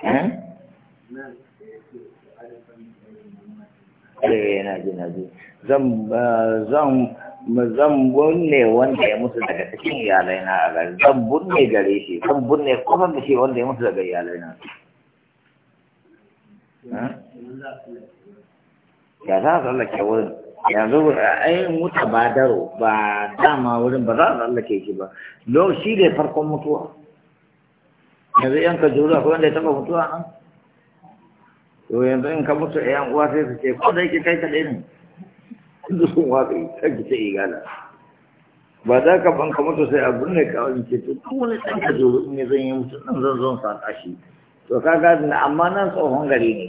Eh? eh na ji na ji. Zan zan burne wanda ya mutu daga cikin iyalai na a gari. Zan burne gare shi, zan burne kusan da shi wanda ya mutu daga iyalai na. Eh? Ya za a tsallake wurin. Yanzu ai eh, mutu ba daro ba dama wurin ba za a tsallake shi ba. Lo shi ne farkon mutuwa. yanzu yang ka juru yang datang ya tua. mutuwa yang tuh yanzu in tuh yang yan itu sai su ce ko da yake kai kaɗai kita duk sun waƙi kan ce igala ba za ka mutu sai abu ne ka wani ce to duk wani ɗan ini juru yang ya zan yi mutu ɗan zan zan sa kashi to ka gadi amma nan tsohon gari ne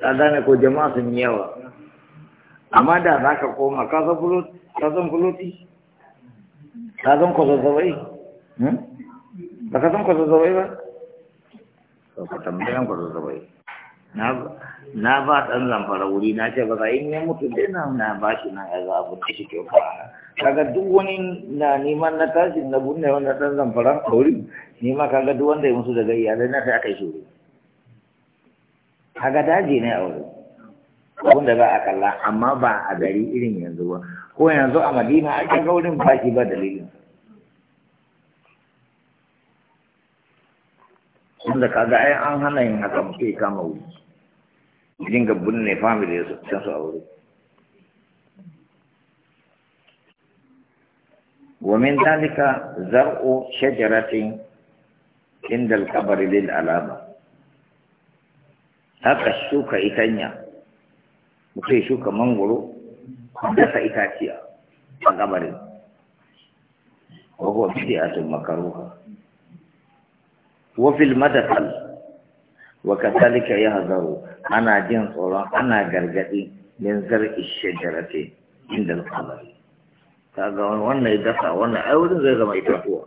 tsada ne ko jama'a sun yi yawa amma da za ka koma ka san fuloti ka san kwazo ba ka san kwazazzawai ba ba ka tambayan kwazazzawai na ba ɗan zamfara wuri na ce ba za in ya mutu dai na na ba shi nan ya za abu da shi ke fara kaga duk wani na neman na tashi na bunne wanda ɗan zamfara a wuri Nima ma kaga duk wanda ya musu daga iya na sai aka yi shuru kaga daji ne a wuri abin da za a kalla amma ba a gari irin yanzu ba ko yanzu a madina aka ga wurin ba shi ba dalilin tunda kaga ai an hana yin haka muke kama wuri dinga binne family su can su aure ومن ذلك زرع شجرة عند القبر للعلامة haka shuka itanya mutum shuka mangoro da sa itaciya a gabarin wa huwa bid'atun makruha وفي المدخل وكذلك يهذر أنا جن الله أنا قرقتي من زرع الشجرة عند القمر هذا وانا يدفع وانا أول زي ما يتركوا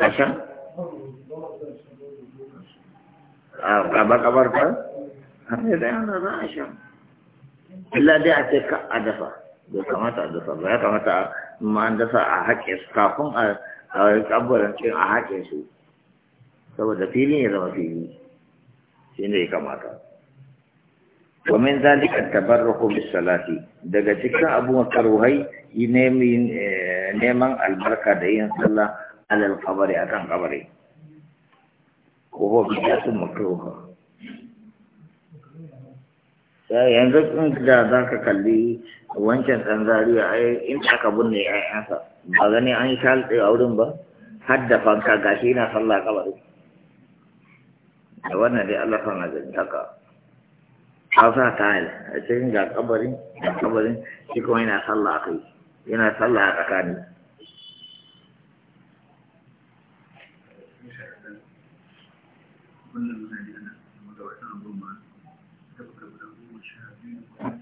عشان آه، كبر كبر كبر هذا أنا عشان إلا دي أتكأ أدفع da kamata a dasa ba ya kamata ma an dasa a haƙe su kafin a ƙabbarin cin a haƙe su saboda filin ya zama fili shi ne ya kamata zalika ذلك التبرك بالصلاة daga cikin abun karuhai eh, neman albarka da yin sallah alal kabari akan kabari ko bi ya su makruha Eh, yanzu in da za ka kalli wancan ɗan zariya in aka binne ‘ya'yansa ba gani an yi shalɗe a wurin ba har da fanka shi yana sallah kabari da wannan dai Allah kan azin taka hausa ta yi a cikin ga kabarin ga kabarin shi kuma yana sallah a kai yana sallah a tsakani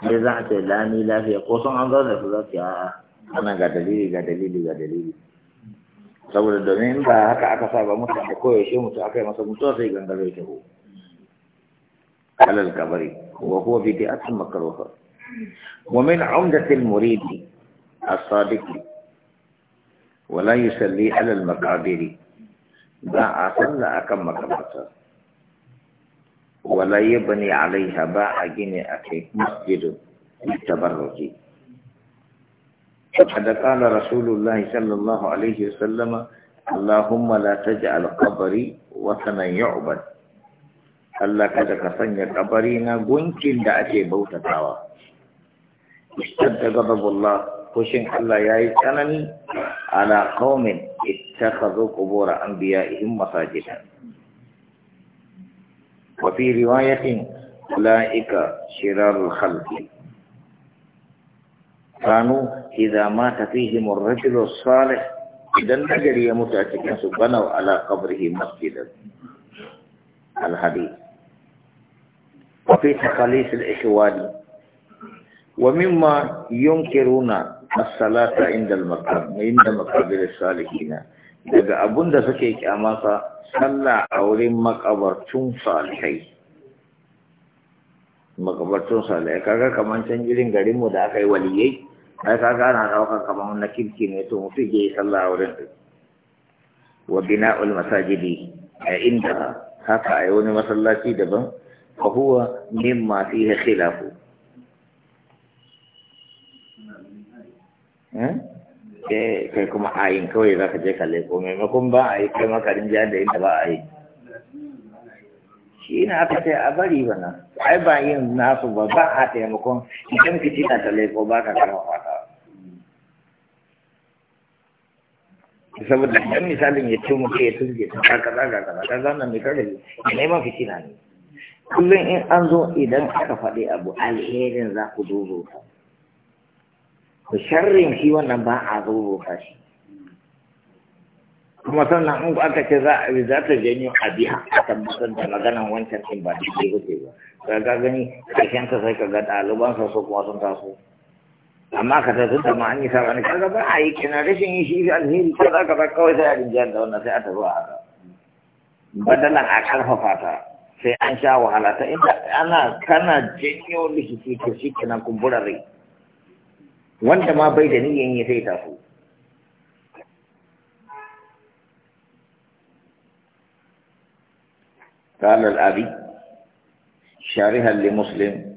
sai za a ce lami lafiya ko sun an zaune su za su a ana ga dalili ga dalili ga dalili saboda domin ba haka aka saba mutum da shi mutum aka yi masa mutuwa sai gangare ya taho alal kabari wa huwa bi asin makarofa wa min 'umdati al-murid as-sadiq wa la yusalli alal al-maqabiri ba a sallah akan makabarta wala yabni alaiha ba a gini a kai masjidu tabarruki فقد قال رسول الله صلى الله عليه وسلم اللهم لا تجعل قبري وثنا يعبد Allah kada ka sanya kabari na gunkin da ake bautatawa. Istadda gababullah fushin Allah ya yi tsanani ala qaumin ittakhadhu qubur anbiya'ihim masajida. وفي رواية أولئك شرار الخلق كانوا إذا مات فيهم الرجل الصالح إذا النجر يموت أتكنس بنوا على قبره مسجدا الحديث وفي تقاليس الإخوان ومما ينكرون الصلاة عند المقام عند مقابر الصالحين daga abun da suke kyamata sallah a wurin makabartun salihai makabartun salihai kaga kamar can jirin garinmu da aka yi waliyai ai kaga ana ɗaukar kamar na kirki ne to mutum je sallah a wurin wa bina'ul masajidi a inda haka a yi wani masallaci daban fa huwa mimma fihi khilafu eh Eh, kai kuma ayin kawai za ka je ka leko, maimakon ba a yi kai makarin jihar da inda ba a yi shi na aka sai a bari bana ai ba yin nasu ba ba a taimakon idan ka na ta laifo ba ka kama fata saboda idan misalin ya ce muke ya turge ta ka kaza ga kaza ka zama mai kare ne neman cina ne kullum in an zo idan aka faɗi abu alherin za ku dubo da sharrin shi wannan ba a rubuta shi kuma sannan in aka ce za a za ta janyo a biya a tabbatar da maganan wancan ɗin ba daidai kuke ba ka ga gani ƙarshen ta sai ka ga ɗaliban sa su kuma sun taso amma ka ta tunda ma an yi sabani kaga ba a yi kina rashin yi shi alheri ko za ka ba kawai sai a rinjiyar da wannan sai a tafi a haka badalan a karfafa ta sai an sha wahala ta inda ana kana janyo likiti to shi kenan kumbura rai wanda ma bai da niyan yi sai taso قال الأبي شارها لمسلم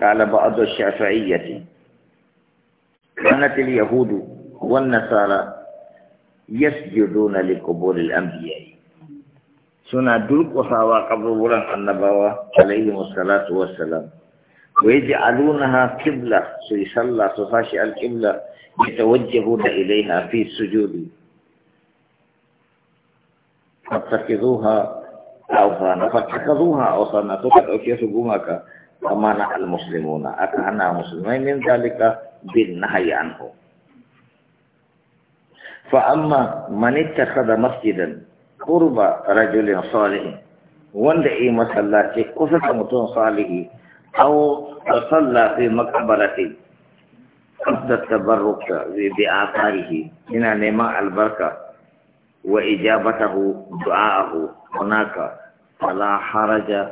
قال بعض الشافعية كانت اليهود والنصارى يسجدون لقبور الأنبياء سنة دلق وصاوى قبر النبوة عليهم الصلاة والسلام ويجعلونها قبلة سيصلى تفاشي القبلة يتوجهون إليها في السجود فاتخذوها أوثانا فاتخذوها أوثانا تتعوشي سجومك ومنع المسلمون أكهنا مسلمين من ذلك بالنهي عنه فأما من اتخذ مسجدا قرب رجل صالح وندعي مسلاتي قصة متون صالحي او تصلى في مقبرته قصد التبرك بآثاره هنا نماء البركة وإجابته دعاءه هناك فلا حرج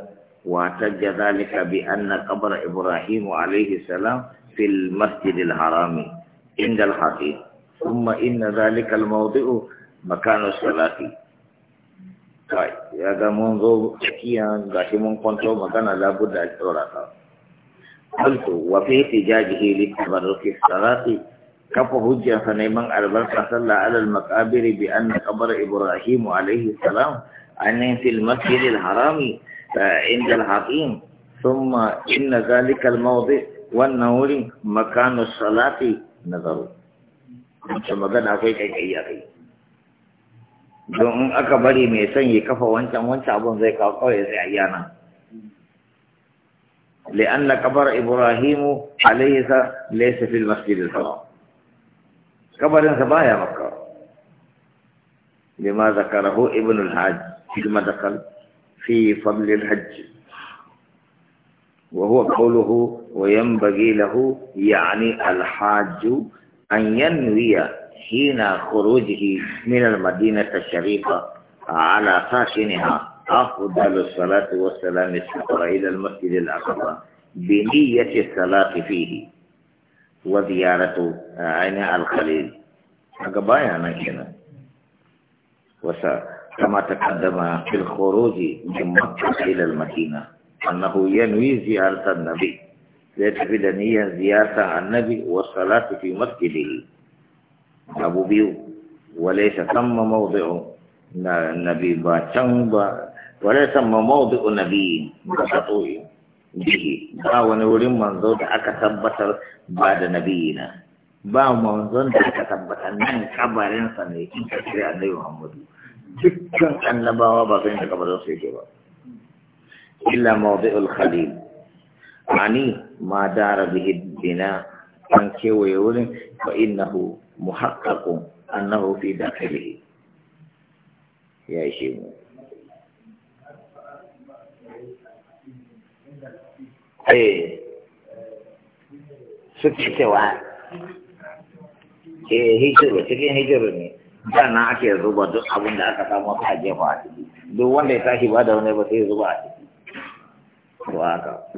واتج ذلك بأن قبر إبراهيم عليه السلام في المسجد الحرام عند الحقيقة ثم إن ذلك الموضع مكان الصلاة kai ya ga mun zo tsakiya gashi mun kwanto magana labudda da tsora ka alto wa fi tijajihi li tabarruki salati kafa hujjarsa neman albarka sallah al maqabir bi anna kabar ibrahim alaihi salam annin fil masjid al harami eh, inda al hakim thumma inna zalika al mawdi an nawri as salati nazaru magana akwai kai kai don aka bari mai sanyi kafa wancan wancan abun zai kawai sai ayya nan li'an na kabar ibrahimu alaihisa laisa fil masjidil haram kabarin baya makka bima zakarahu ibnu al-hajj fi ma dakal fi fadl lahu ya'ni al-hajj an حين خروجه من المدينة الشريفة على ساكنها أفضل الصلاة والسلام السفر إلى المسجد الأقصى بنية الصلاة فيه وزيارة عين الخليل أقبايا نحن كما تقدم في الخروج من مكة إلى المدينة أنه ينوي زيارة النبي ليس نية زيارة النبي والصلاة في مسجده abu biyu wale sa samma mawdu'u na nabi ba can ba wale samma mawdu'u nabi ba ta toyi bihi ba wani wurin manzo da aka tabbatar ba da nabi na ba manzon da aka tabbatar nan kabarin sa ne in ka kira annabi muhammadu dukkan annabawa ba sun da kabarin su yake ba illa mawdu'ul khalil ani ma dara bihi bina an kewaye wurin fa innahu muhaqqaqun annahu fi dakhilihi ya ishe mu eh suke cewa eh hijira cikin hijira ne na ake zuba duk abin da aka samu ta jefa a ciki duk wanda ya tashi ba da wani ba sai zuba a ciki to haka